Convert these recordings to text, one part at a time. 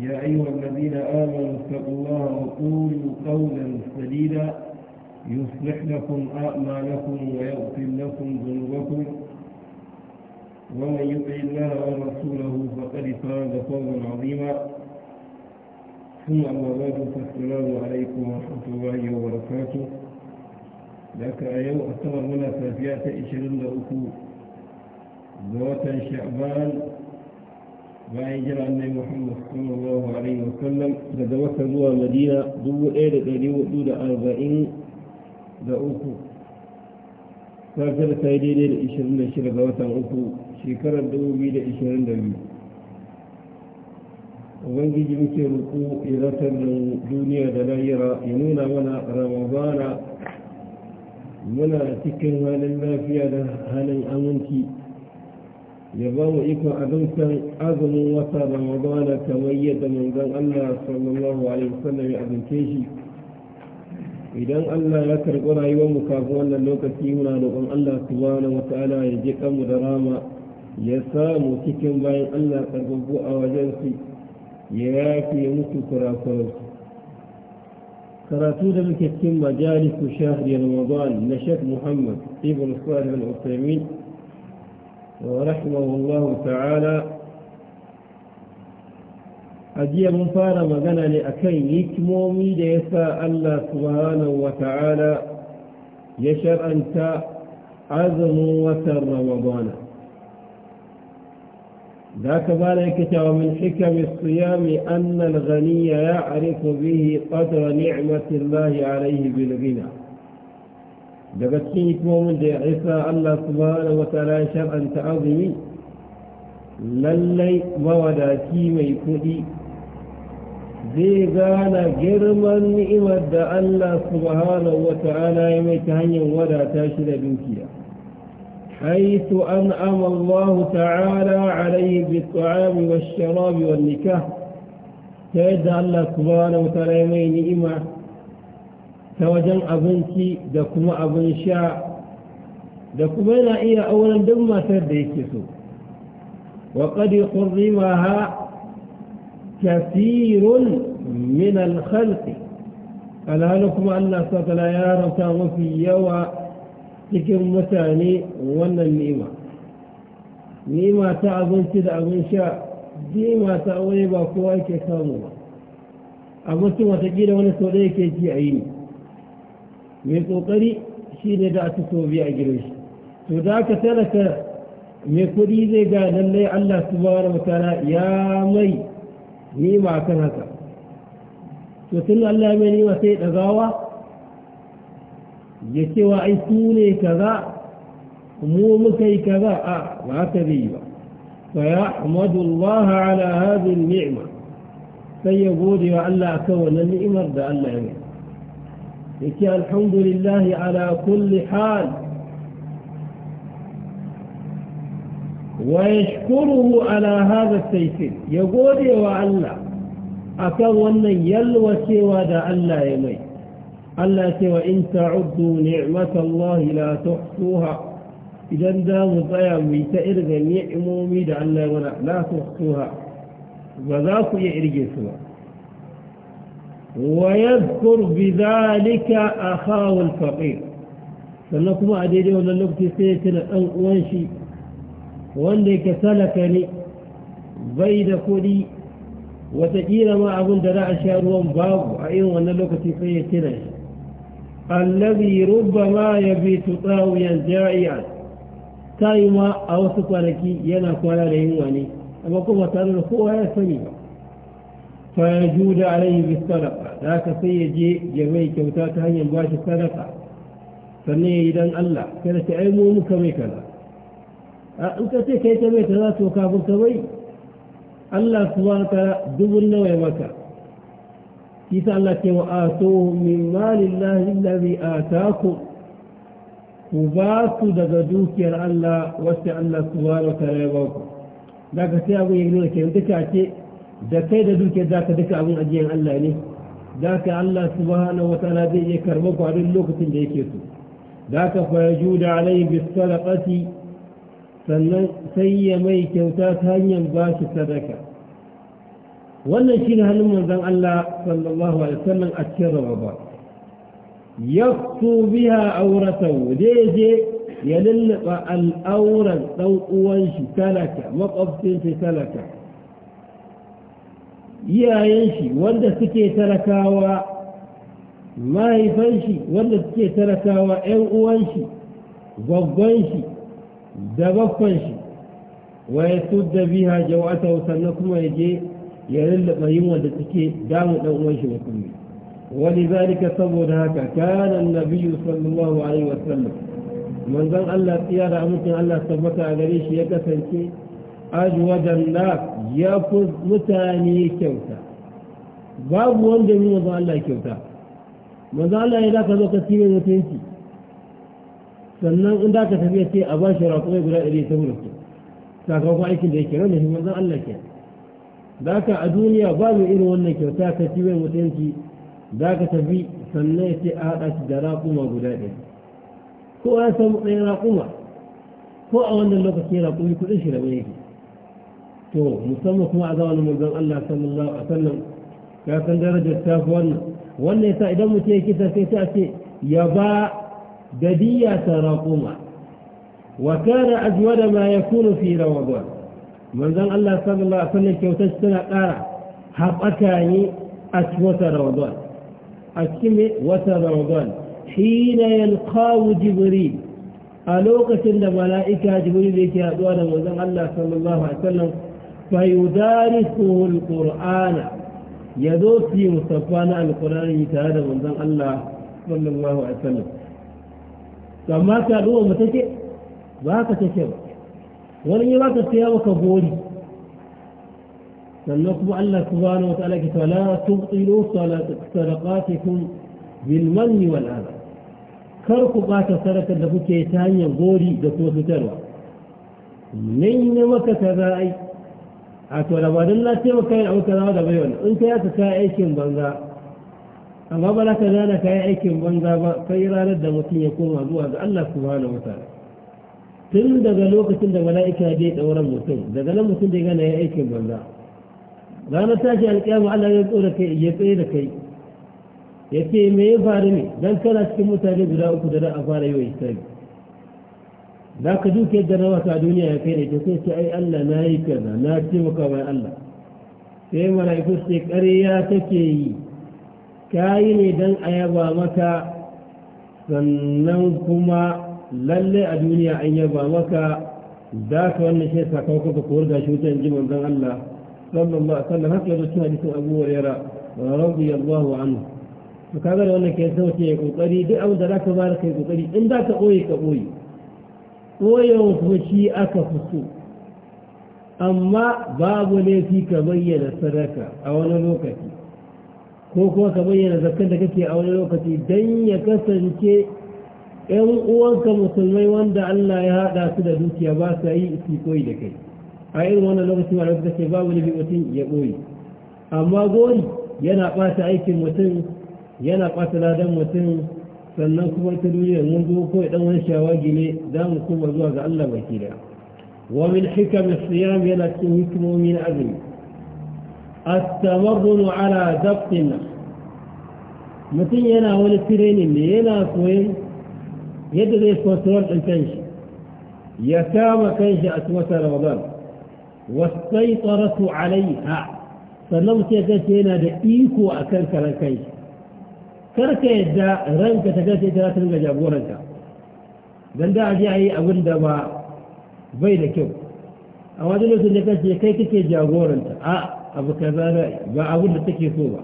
يا أيها الذين آمنوا اتقوا الله وقولوا قولا سديدا يصلح لكم أعمالكم ويغفر لكم ذنوبكم ومن يطع الله ورسوله فقد فاز فوزا عظيما ثم أما بعد فالسلام عليكم ورحمة الله وبركاته لك أيو أتمنى فافيات إشرين لأكو ذوات شعبان bayan jira annai muhammad sallallahu alaihi wasallam daga maka zuwa madina dubu ɗaya da ɗari hudu da arba'in da uku safiyar ta yi daidai da ishirin da shida ga watan uku shekarar dubu biyu da ishirin da biyu ubangiji muke ruku ya zartar da duniya da lahira ya nuna mana ramadana muna cikin halin lafiya da halin aminci يبو إكو أدنك أذن وطا رمضان كميد من دن الله صلى الله عليه وسلم أذن كيشي إذن الله يكر قرأي ومكافو أن اللوك سيونا لقم الله سبحانه وتعالى يجيك أمد راما يسامو تكيم باين الله تقبو أواجنسي يياكي يمسو كراسو كراسو دمك التم مجالس شهر رمضان نشك محمد ابن صالح العثيمين ورحمه الله تعالى أجي مفارا مغانا لأكي يكمومي ديسا الله سبحانه وتعالى يشر أنت عظم وتر رمضان ذاك ذلك ومن حكم الصيام أن الغني يعرف به قدر نعمة الله عليه بالغنى دبتيك مؤمن دي عيسى الله سبحانه وتعالى شرعا تعظيم للي مودا كيمي كدي زي غانا جرما نئمد الله سبحانه وتعالى يمي تهني ودا تاشد بنكيا حيث أنعم الله تعالى عليه بالطعام والشراب والنكاح تيد الله سبحانه وتعالى يمي نئمه ta wajen abinci da kuma abin sha da kuma yana iya auren duk matar da yake so wa qad hurrimaha kathirun min al-khalq alhalin kuma Allah sakala ya haramta mafi yawa cikin mutane wannan ni'ima ni'ima ta abinci da abin sha ni'ima ta aure ba kowa ke samu ba abincin watakila wani sau ɗaya ke ji a yi ne mai ƙoƙari shi ne da aka so biya a gire shi to da aka talaka mai kuɗi zai ga lallai Allah subhanahu wa ta'ala ya mai nima kan haka to tun Allah mai nima sai ɗagawa ya cewa ai su ne kaza mu muka yi kaza a ba haka zai yi ba فيحمد الله على هذه النعمة سيقول يا الله كون النعمة ده الله يمين يكي الحمد لله على كل حال ويشكره على هذا التيسير يقول وعلا أكون ون سوى ودا ألا يمي ألا سوى إن تعدوا نعمة الله لا تحصوها إذا دام الضيام يتئرغ نعمومي دا ألا ولا لا تحصوها وذاك يعرج سوى ويذكر بذلك أخاه الفقير sannan kuma a daidai wannan lokaci sai ya tuna ɗan uwan shi wanda yake salaka ne bai da kuɗi wataƙila ma abin da za a sha ruwan babu a irin wannan lokaci sai ya tuna shi allazi rubbama ya bi tsawiyan ja'iya ta yi ma a wasu kwanaki yana kwana da yunwa ne amma kuma tare da kowa ya sani ba فيجود عليه بالصدقة ذاك سيجي جميع كوتات هيا باش الصدقة فني إذن الله كان تعلمه مكمي كذا أنت أه، تكي تميت ذات وكافر سوي الله سبحانه دبر نوي مكة كيف الله كي وآتوهم من مال الله الذي آتاكم وباسوا دقدوك يا الله وسع الله سبحانه وتعالى يبوكم ذاك سيأبو يقولون كي انتكاتي da kai da dukiyar zaka duka abin ajiyar Allah ne zaka Allah subhanahu wa ta'ala zai iya karba ku a duk lokacin da yake so zaka fa yajuda alayhi bis sadaqati sannan sai ya mai kyauta ta hanyar ba shi sadaka wannan shi ne halin manzon Allah sallallahu alaihi wasallam a cikin Ramadan yaqtu biha awratahu zai je ya lullaba al'auran dan uwan shi talaka makwabcin shi talaka iyayen shi wanda suke talakawa mahaifan shi wanda suke talakawa 'yan uwan shi gwaggon shi da baffan shi wa ya tudda biha jawata kuma ya je ya lullaba yin wanda suke damu dan uwan shi musulmi wani zalika saboda haka kana nabiyyu sallallahu alaihi wasallam manzon Allah tsiyara amincin Allah tabbata a gare shi ya kasance ajwadan nas ya fi mutane kyauta babu wanda ne manzo Allah kyauta manzo Allah ya zaka zo ka tibe mutunci sannan in da ka tafi sai a bashi raƙoƙi guda ɗari ta wurin sakamakon aikin da yake wanda shi manzo Allah ke da ka a duniya babu irin wannan kyauta ka tibe mutunci da ka tafi sannan ya ce a haɗa shi da raƙuma guda ɗaya ko ya samu ɗaya raƙuma ko a wannan lokaci raƙumi kuɗin shi da yake تو مع معذان مذن الله صلى الله عليه وسلم كان درجة تافون والنساء إذا متيكسة تأتي يباء جدية رقومة وكان أجود ما يكون في روضان مذن الله صلى الله عليه وسلم كي تجتنى قارع حق أكاني رمضان أسمي أشم رمضان حين يلقاو جبريل ألوقة الملائكة جبريل يكي أدوانا مذن الله صلى الله عليه وسلم فيدارسه القرآن يدوسي مصطفانا القرآن يتهادى من ذن الله صلى الله عليه وسلم كما كانوا متكئ باك تكئ ولن يباك سيابك بولي فلنقب الله سبحانه وتعالى فلا تبطلوا صدقاتكم بالمن والآذى كركوا قاتا سركا لكي تاني بولي دكوة تروى من مكة ذا a to da ba don na taimaka yin abu da bai in ka aka kayan aikin banza amma ba za ka zana kayan aikin banza ba kai ranar da mutum ya koma zuwa ga Allah subhanahu wataala tun daga lokacin da mala'ika zai ɗauran mutum daga nan mutum da ya gana ya aikin banza ranar tashi alƙiyama Allah ya tsora kai ya tsaye da kai ya ce me ya faru ne dan kana cikin mutane guda uku da za a fara yi wa hisabi za ka duk yadda na wata duniya ya kai da ita sai ce ai Allah na yi kaza na ce maka bai Allah sai mala'iku ce ƙarya take yi ka yi ne don a yaba maka sannan kuma lalle a duniya an yaba maka za ka wannan shi sakamakon ka kowar gashi wutan ji manzon Allah sallallahu alaihi wasallam haka yanzu cikin hadisin Abu Hurairah radiyallahu anhu to kaga da wannan kai sai ya kokari duk abin da zaka bayar kai kokari in zaka boye ka boye koyon fushi aka fito amma babu laifi ka bayyana sadaka a wani lokaci ko kuma ka bayyana zakar da kake a wani lokaci don ya kasance ‘yan uwanka musulmai wanda Allah ya haɗa su da dukiya ba su yi su koyi da kai a irin wannan lokaci a lokaci ce babu laifi mutum ya ɓoye amma gori yana ɓata aikin mutum yana ɓata ladan mutum sannan kuma ta duniyar mun zo kawai dan wani shawagi ne za mu kuma zuwa ga Allah baki da wa min hikam siyam yana cikin hikimomi na azumi at-tamarrun ala dabtin mutum yana wani training ne yana koyon yadda zai control din kanshi ya kama kanshi a cikin wata ramadan wa saitaratu alaiha sannan mutum ya yana da iko akan karan kanshi كرك يدا رنك تجاتي تجاتي من جاب ورنك دندا جاي أقول دوا بيد كيو أو هذا لو تجاتي كي كي جاب ورنك آ أبو كذا با أقول تكي فوبا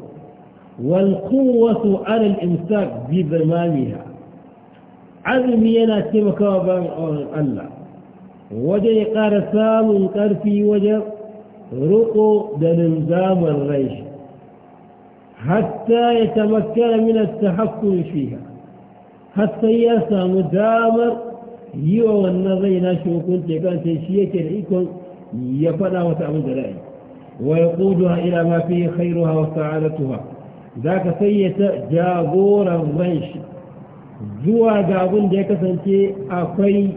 والقوة على الإمساك بزمانها عزم ينا كما كوابا الله وجي قارسام كرفي وجب رقو دنمزام الريشه حتى يتمكن من التحكم فيها حتى يسام مدامر يو إلى شو كنت كانت شيك العيكم يفنى وتعمد رأي ويقودها إلى ما فيه خيرها وسعادتها ذاك سيئة جابور الرنش زوى جابون ديك سنتي أخي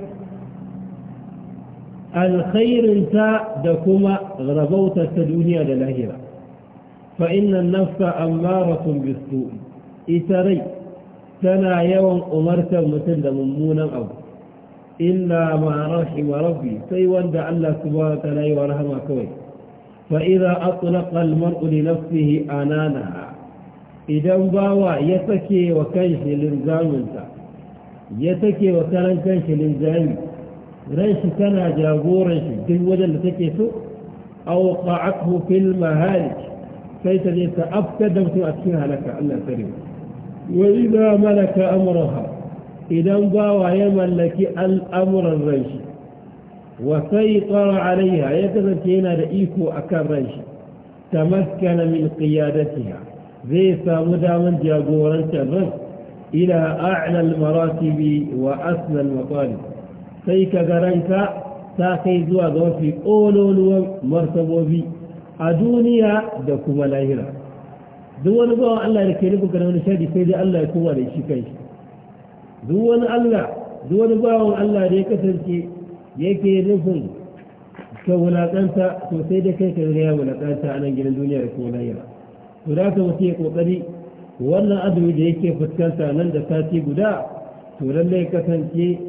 الخير انت دكما غربوت الدنيا للآخرة فإن النفس أمارة بالسوء إتري تنا يوم أمرت متند ممونا أو إلا ما رحم ربي سيوان دع الله سبحانه وتعالى ورحمه كوي فإذا أطلق المرء لنفسه أنانها إذا باوى يتكي وكيش انت يتكي وكلن كيش لنزامي ريش تنا جابورش دي وجل تكي سوء أوقعته في المهالك سيتجيس أفسدت أسكنها لك الله تريد وإذا ملك أمرها إذا انضى باوى يملك الأمر الريش وسيطر عليها يتذكينا رئيس أكار ريش تمكن من قيادتها زي سامدا من جاغورا شرف إلى أعلى المراتب وأسنى المطالب سيك ذرنك ساقي زوا في أولو مرتبو بي a duniya da kuma lahira duk wani bawan Allah da ke rubuta na wani shadi sai dai Allah ya kowa da shi kai duk wani Allah duk wani bawan Allah da ya kasance yake nufin ka wulaƙanta to sai dai kai ka ya wulaƙanta a nan gidan duniya da kuma lahira to da ka mutu ya ƙoƙari wannan azumi da yake fuskanta nan da sati guda to lallai kasance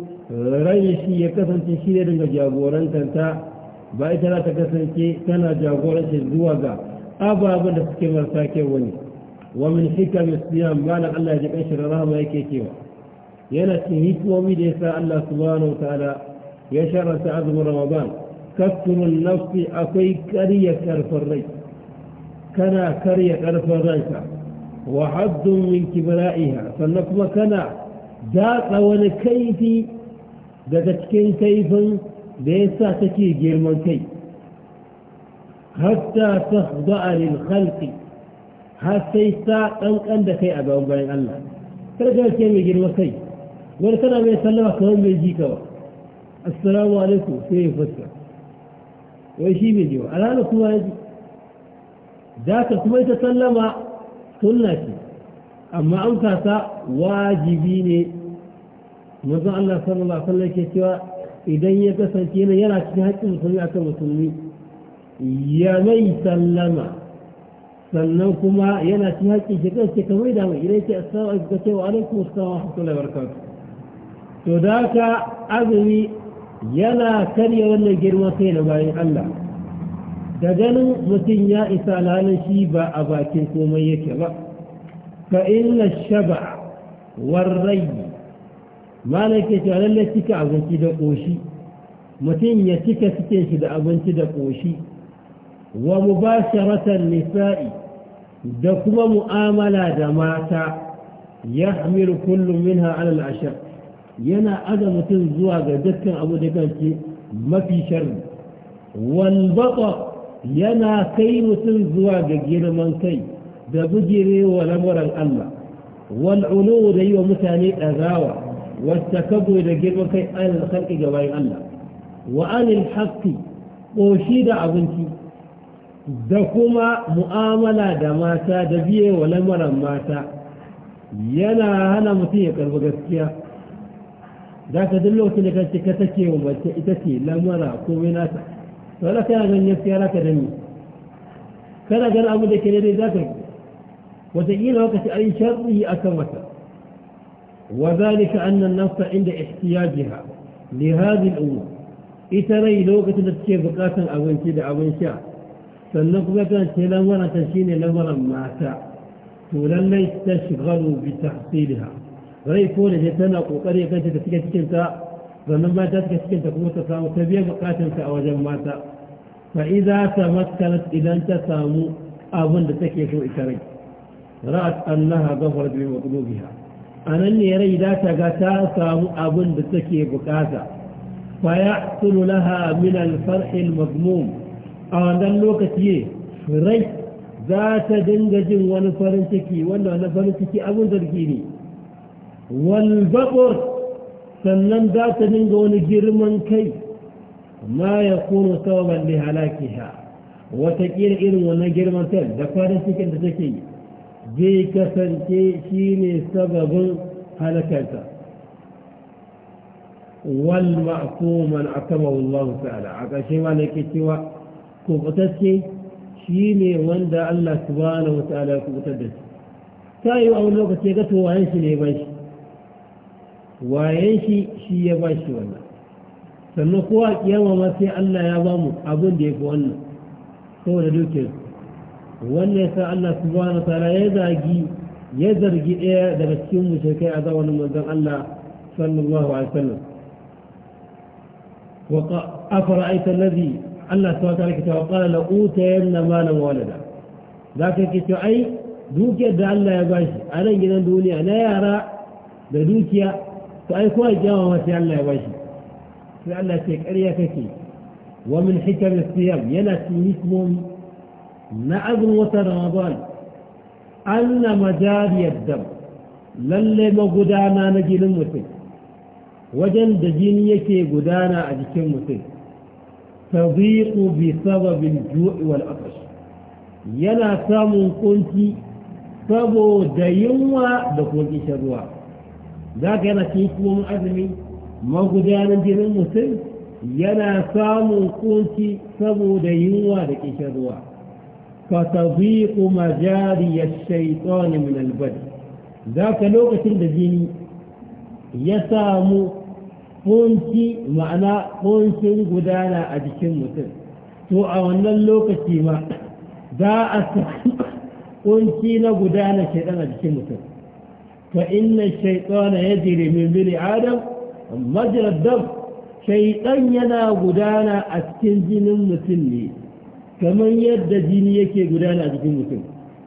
rai shi ya kasance shi ne dinga jagorantanta bai ita ta kasance tana jagoranta zuwa ga ababen da suke marasa kyau wani wa min hikam siyam bala Allah ya ji kanshi da rahama yake cewa yana cikin hikimomi da yasa Allah subhanahu wa ta'ala ya sharanta azumin Ramadan kasrun nafsi akwai karya karfin rai kana karya karfin ranka wa haddun min kibra'iha sannan kuma kana datsa wani kaifi daga cikin kaifin da ya sa take girman kai hatta ta da'arin halki har sai ta ɗanƙan da kai a gaban bayan Allah karkar ce mai girman kai wani kana mai sallama kamar mai ji kawa? assalamu alaikum sai ya fuska wai shi mai jiwa ba kuma ya ji za ka kuma ita sallama sunna ce amma an kasa wajibi ne manzon Allah sallallahu alaihi wasallam ke cewa idan ya kasance yana cikin haƙƙin musulmi a kan musulmi ya mai sallama sannan kuma yana cikin haƙƙin shi kan ce kamar da mai idan ce a alaikum ka ce wa alaikum assalamu to da haka azumi yana karya wannan girma sai na bayan Allah da ganin mutum ya isa lalin shi ba a bakin komai yake ba Ka inna shaba warrayi malai ke cewa lallai cika abinci da ƙoshi mutum ya cika cike shi da abinci da ƙoshi wa mu ba sharatar nisa'i da kuma mu'amala da mata ya hamil kullum min ha'alal ashar yana aza mutum zuwa ga dukkan abu da kanci mafi sharri walbaƙa yana kai mutum zuwa ga girman kai da bujirewa lamuran Allah wal'ulu da yi wa mutane ɗazawa واستكبروا إذا جبروا كي آل الخلق أن الله وآل الحق قوشيدا أبنتي دكما مؤاملة دماتا دبيع ولمر ماتا ينا هنا مطيع قلب غسكيا ذاك دلو تلك التكتكي ومتكتكي لمر كوميناتا ولا كان من يسيرا كدمي كان جل أبو ذكري ذاك وتجيل وقت أي شرطه أكمتا وذلك أن النفس عند احتياجها لهذه الأمور إتري لوقة لتكي بقاتا أو انتدى أو انشاء فالنقبة تلونا تشين لونا ماتا تولن تشغل بتحصيلها غير كون جتنا وطريقة كانت تتكي تكنتا فلما تتكي تكنتا قوة تسامو تبيا بقاتا كأوجا ماتا فإذا تمكنت إذا أنت سامو أبن تكي إتري رأت أنها ظهرت بمطلوبها a nan ne rai za ta ga ta samu abin da take bukata ya sunu laha min alfarhil mazmum a wannan lokaci rai za ta dinga jin wani farin ciki wanda wani farin ciki abin zargi ne baqur sannan za ta dinga wani girman kai ma ya kuno sababan da halakiha wataƙila irin wannan girman kai da farin cikin da take yi zai kasance shi ne sababin halakarta wal a kama Allah ta'ala a ƙarshe ma na ke cewa kubutacce shi ne wanda Allah subhanahu wa ta'ala kubutar da shi ta yi wani lokaci ga to wayan shi ne ba shi wayan shi shi ya ba shi wannan sannan kowa kiyama ma sai Allah ya ba mu abin da ya fi wannan saboda dukiyarsu wanda ya sa Allah subhanahu wa ta'ala ya zagi ya zargi ɗaya daga cikin mushrikai a zamanin manzon Allah sallallahu alaihi wasallam wa afara'aita alladhi Allah subhanahu wa ta'ala kitaba qala la utayanna malan walada zaka ke to ai dukiyar da Allah ya bashi a nan gidan duniya na yara da dukiya to ai kowa kiyama ma sai Allah ya bashi sai Allah ce ƙarya kake wa min hikam siyam yana cikin hikmomi na azumin watan ramadan anna majariyar dam lalle magudana na jinin mutum wajen da jini yake gudana a jikin mutum taziqu bi sababin ju'i wal yana samun kunci saboda yunwa da kunci ruwa za ka yana cikin kuma azumi magudanar jinin mutum yana samun kunci saboda yunwa da kishin ruwa فتضيق مجاري الشيطان من البدن da jini ya samu kunci ma'ana kuncin gudana a jikin mutum to a wannan lokaci ma za a samu kunci na gudana shaidan a jikin mutum fa inna shaitana ya jire min biri adam majalar dam shaidan yana gudana a cikin jinin mutum ne kamar yadda jini yake gudana a jikin mutum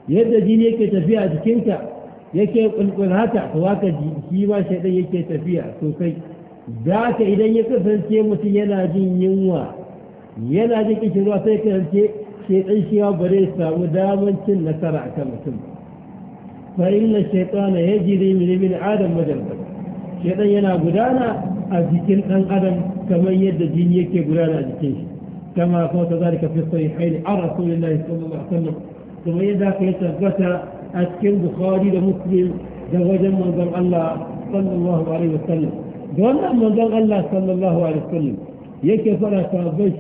yadda jini yake tafiya a jikinka yake kulkul haka to haka shi ma shaidan yake tafiya sosai za ka idan ya kasance mutum yana jin yunwa yana jin kishirwa ruwa sai kasance shaidan shi ma ya samu daman cin nasara a kan mutum fa inna shaitana yajri min min adam majalbal shaidan yana gudana a jikin dan adam kamar yadda jini yake gudana a jikin shi كما فوت ذلك في الصحيحين عن رسول الله صلى الله عليه وسلم ثم اذا كيتثبت اسكن بخاري لمسلم زوجا من زوج الله صلى الله عليه وسلم زوجا من زوج الله صلى الله عليه وسلم يكي فلا تربيش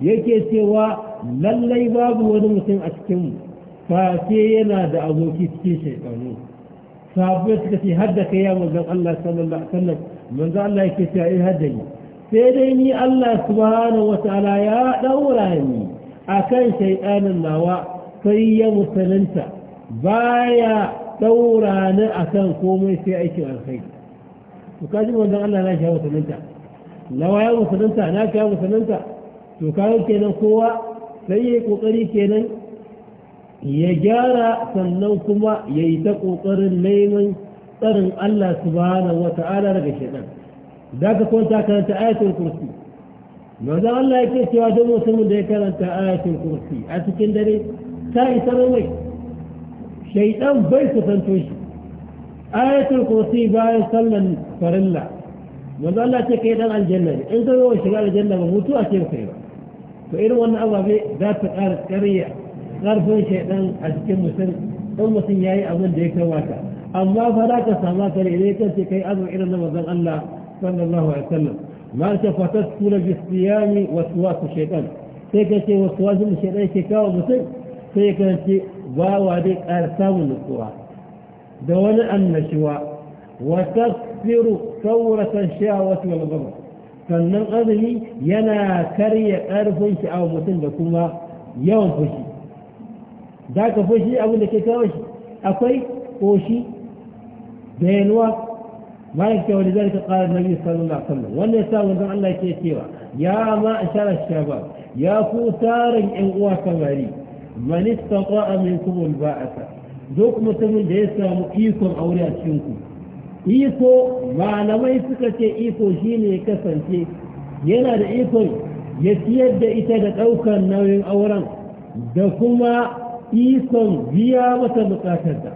يكي سوى للي باب ولمسلم اسكن فاتينا دعوه كتكي شيطانين ثابت في هدك يا من زوج الله صلى الله عليه وسلم من زوج الله كتائي هدني sai dai ni Allah subhanahu ta'ala ya daura ni akan shaytanin nawa sai ya musalanta baya daura ni akan komai sai aikin alkhairi to kaji wannan Allah na shawo musalanta nawa ya musalanta na ka musalanta to kayan kenan kowa sai ya yi kokari kenan ya gyara sannan kuma ya yi ta kokarin neman tsarin Allah subhanahu ta'ala daga shaytan ذاك كنت كانت آية الكرسي ماذا الله سوى وادم وسمون ده كانت آية الكرسي أتكين داري ساي سنوي شيطان بيس فانتوش آية الكرسي باية صلى الله ماذا الله تكيد عن الجنة انت هو شغال الجنة وموتو أشير خيرا فإن وانا الله بي ذات قارة كريع قارفون شيطان أتكين مسلم أم سنياي أول ديك واتا أما فلا تسامات لإليك سيكي أدو إلى نمضان الله صلى الله عليه وسلم ما تفتت كل الصيام وسواس الشيطان تكت وسواس الشيطان كاو بسن تكت واوادي ارسام القرى دون ان نشوى وتكثر ثورة الشهوة والغضب فمن قبل ينا كري ارف او مثل بكما يوم فشي ذاك فشي أقول لك كاوشي اقوي فشي بينوا bayan cewa da zalika qala annabi sallallahu alaihi wasallam wannan yasa wannan Allah yake cewa ya ma ashara shabab ya ku tarin yan uwa samari man istata'a minkum alba'ata duk mutumin da ya samu ikon aure a cikin ku iko malamai suka ce iko shine ya kasance yana da ikon ya ciyar da ita da ɗaukar nauyin auren da kuma ikon biya mata bukatarta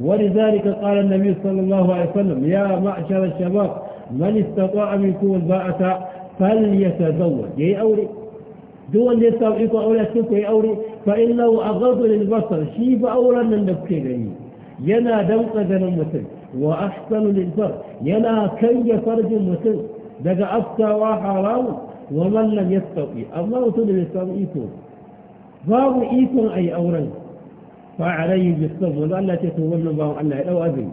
ولذلك قال النبي صلى الله عليه وسلم يا معشر الشباب من استطاع منكم الباءة فليتزوج يا أولي دول يستطيع أولي الشرك يا أولي فإنه أغض للبصر شيف أولا من نفسه ينا دوق جنم مثل وأحسن للفرج ينا كي فرج مثل دقى أفتى وحرام ومن لم يستطيع الله تدل يستطيع إيكم إيكم أي أولي فعليه بالصبر لا لا تكون النظام أن لو أذن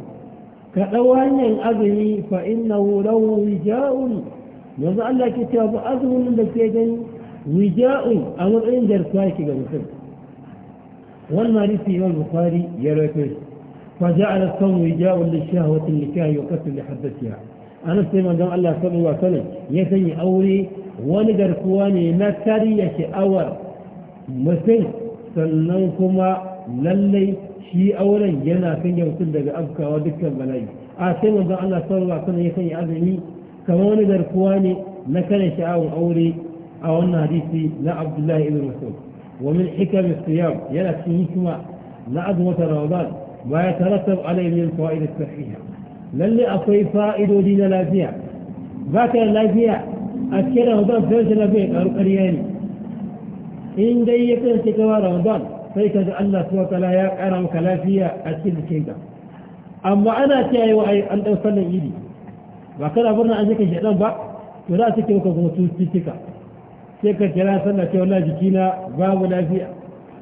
كلو أن الأذن فإنه لو وجاء نظر أن كتاب أذن لكيدن وجاء أمر إن درسائك قبل والمارسي والبخاري يرى فجعل الصوم وجاء للشهوة النكاه وقتل لحدثها أنا استمع دام الله صلى الله عليه وسلم يسني أولي ونقر كواني نكري اول أور مثل سنوكما lallai shi auren yana kan mutum daga afkawa dukkan bala'i a sai manzon Allah sallallahu alaihi wasallam ya azumi kamar wani garkuwa ne na kare sha'awun aure a wannan hadisi na Abdullahi ibn Mas'ud wa min hikam siyam yana cikin hikima na azumin Ramadan ba ya tarattab alaihi min fawaid sahiha lalle akwai fa'idodi na lafiya ba ka lafiya a cikin Ramadan sai lafiya karu ƙarya ne in dai ya kasance kawai Ramadan sai ka ji Allah suwa tala ya ƙara maka lafiya a cikin jikinka amma ana yi wa an ɗan sallan idi ba kana birnin an jikin shaɗan ba to za a cikin ka kuma cututtuka sai ka kira sallah ce na jikina babu lafiya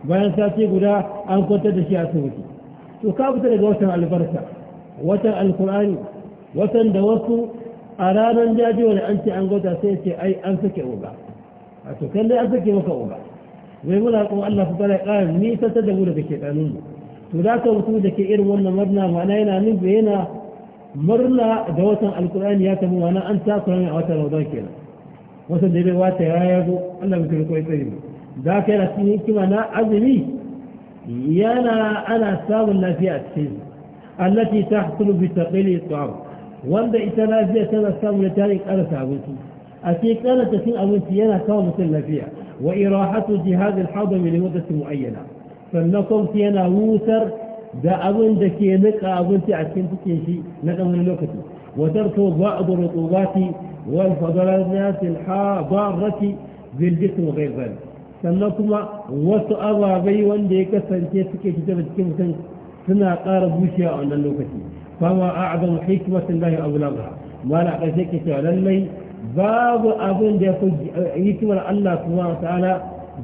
bayan sati guda an kwantar da shi a sauki. to ka fita daga watan albarka watan alkur'ani watan da wasu a ranar jajiwa da an ce an gwada sai ce ai an sake uba a to kallai an sake maka uba ويقول لك الله فقال قال مي تتدول بك الأنون تلاتة وطودك إير ونا مرنا وعنينا من بينا مرنا دوتا القرآن ياتم وانا أنت أقرأني أوتا لوضاك إلا وصل دي بواتا آه يايبو الله بكل كوي فريم ذاك إلا سيني كما أنا عظمي يانا أنا ساب النافيات سيد التي تحصل بتقليل الطعام وانا إتنازية سنة ساب لتاريك أنا ساب النافيات أتيكالة تسين أبن كان مسلم فيها وإراحة جهاز الحضم لمدة معينة فلنقم سيانا ووسر دا أبن دكي نقى أبن تعسين تكيشي نقى من الوقت وترك بعض الرطوبات والفضلات الحضارة بالجسم وغير ذلك sannan وسأضع wasu ababai wanda ya kasance suke fitar da cikin mutum suna ƙara bushewa a wannan lokaci fama a azam hikmatin lahi abu lagha babu abin da ya fi hikimar Allah subhanahu wa ta'ala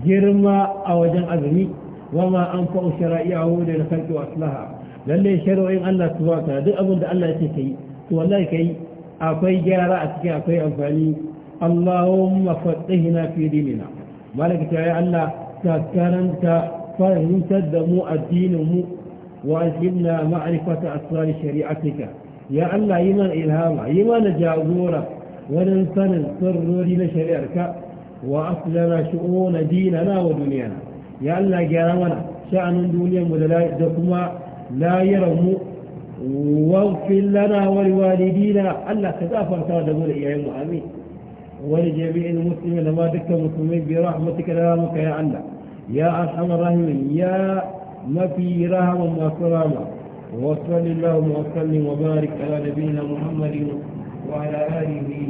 girma a wajen azumi wa ma an fa'u shara'i'ahu da khalqi wa aslaha lalle shari'o'in Allah subhanahu wa duk abin da Allah yake kai to wallahi kai akwai gyara a cikin akwai amfani Allahumma fatihna fi dinina malaka ta ya Allah ta karanta fahimtar da mu addinin mu wa ma'rifata asrar shari'atika ya Allah yi mana ilhama yi mana jagora ولن سنن سر لشريعك وأسلم شؤون ديننا ودنيانا يا الله جامنا شأن دوليا مدلائكما لا يرم واغفر لنا ولوالدينا ألا تغافر تغدمون إياهم آمين ولجميع المسلمين لما دك المسلمين برحمتك لامك يا الله يا أرحم الراحمين يا ما في رحم وسلامة وصل اللهم وسلم وبارك على نبينا محمد وعلى آله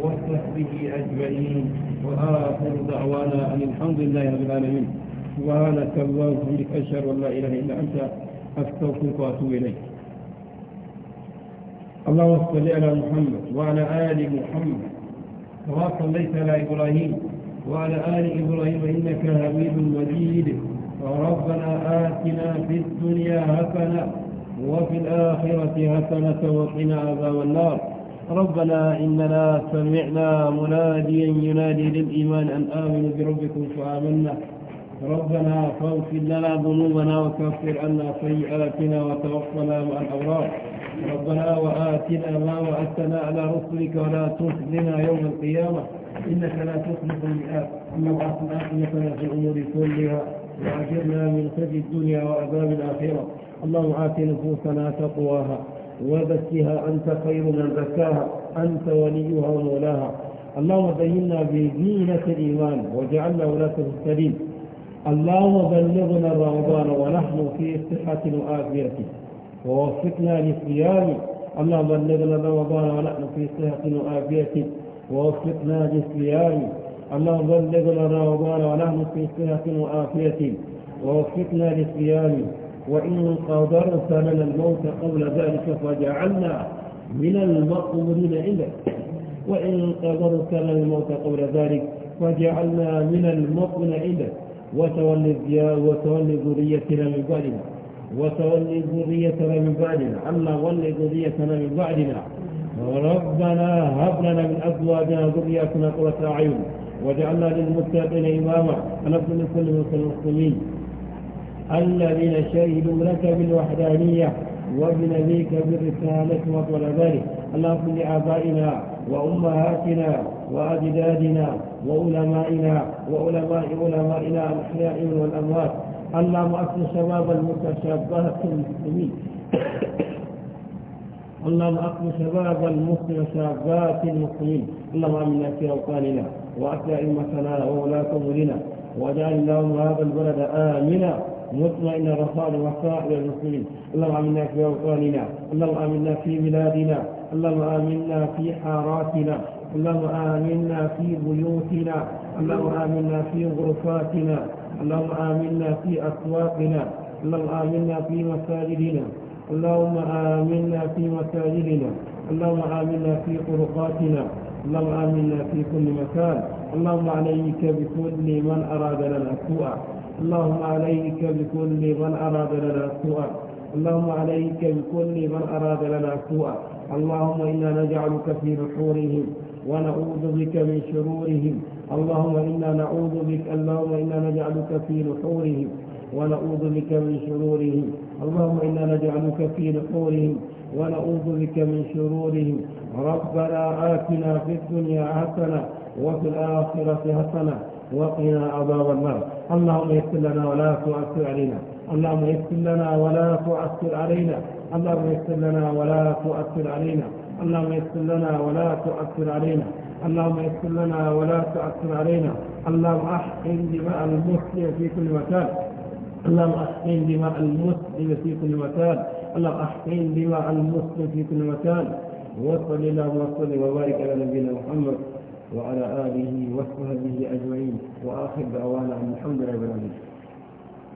وصحبه أجمعين وآخر دعوانا أن الحمد لله رب العالمين سبحانك اللهم وبحمدك أشهد أن لا إله إلا أنت أستغفرك وأتوب إليك اللهم صل على محمد وعلى آل محمد كما صليت على إبراهيم وعلى آل إبراهيم إنك حميد مجيد ربنا آتنا في الدنيا حسنة وفي الآخرة حسنة وقنا عذاب النار ربنا إننا سمعنا مناديا ينادي للإيمان أن آمنوا بربكم فآمنا ربنا فاغفر لنا ذنوبنا وكفر عنا سيئاتنا وتوفنا مع الأبرار ربنا وآتنا ما وعدتنا على رسلك ولا تخزنا يوم القيامة إنك لا تخلف المئات إن اللهم عافيتنا في الأمور كلها وأجرنا من خزي الدنيا وعذاب الآخرة اللهم آت نفوسنا تقواها وزكها أنت خير من زكاها أنت وليها ومولاها اللهم زينا بزينة الإيمان وجعلنا ولاة المهتدين اللهم بلغنا رمضان ونحن في صحة وآفية ووفقنا لصيام اللهم بلغنا رمضان ونحن في صحة وآفية ووفقنا لصيام اللهم بلغنا رمضان ونحن في صحة وآفية ووفقنا لصيام وإن قدرت لنا الموت قبل ذلك فجعلنا من المقبولين عندك وإن قدرت لنا الموت قبل ذلك فجعلنا من المقبولين عندك وتولي وتولي ذريتنا من بعدنا وتولي ذريتنا من بعدنا أما ولي ذريتنا من بعدنا ربنا هب لنا من أزواجنا ذريتنا قرة أعين وجعلنا للمتقين إماما أنا ابن المسلمين الذين شهدوا لك بالوحدانية وبنبيك بالرسالة وطول ذلك اللهم لآبائنا وأمهاتنا وأجدادنا وعلمائنا وعلماء علمائنا الأحياء والأموات اللهم أصل شباب المتشبهة المسلمين اللهم أقم شباب المسلم المسلمين اللهم أمنا في أوطاننا وأتى أئمتنا وولاة أمورنا واجعل اللهم هذا البلد آمنا ليطمئن الرسائل والسائر المسلمين اللهم امنا في اوطاننا اللهم امنا في بلادنا اللهم امنا في حاراتنا اللهم امنا في بيوتنا اللهم امنا في غرفاتنا اللهم امنا في اسواقنا اللهم امنا في مساجدنا اللهم آمنا في مساجدنا اللهم آمنا في طرقاتنا اللهم آمنا في كل مكان اللهم عليك بكل من أراد لنا سوءا اللهم عليك بكل من أراد لنا سوءا اللهم عليك بكل من أراد لنا سوءا اللهم إنا نجعلك في نحورهم ونعوذ بك من شرورهم اللهم إنا نعوذ بك اللهم إنا نجعلك في نحورهم ونعوذ بك من شرورهم اللهم إنا نجعلك في نحورهم ونعوذ بك من شرورهم ربنا آتنا في الدنيا حسنة وفي الآخرة حسنة وقنا عذاب النار اللهم يسر لنا ولا تؤثر علينا اللهم يسر لنا ولا تؤثر علينا اللهم يسر لنا ولا تؤثر علينا اللهم يسر لنا ولا تؤثر علينا اللهم يسر لنا ولا تؤثر علينا اللهم احقن دماء المسلم في كل مكان اللهم احقن دماء المسلم في كل مكان اللهم احقن دماء المسلم في كل مكان وصل اللهم وصل وبارك على نبينا محمد وعلى آله وصحبه أجمعين وآخر دعوانا أن الحمد لله رب العالمين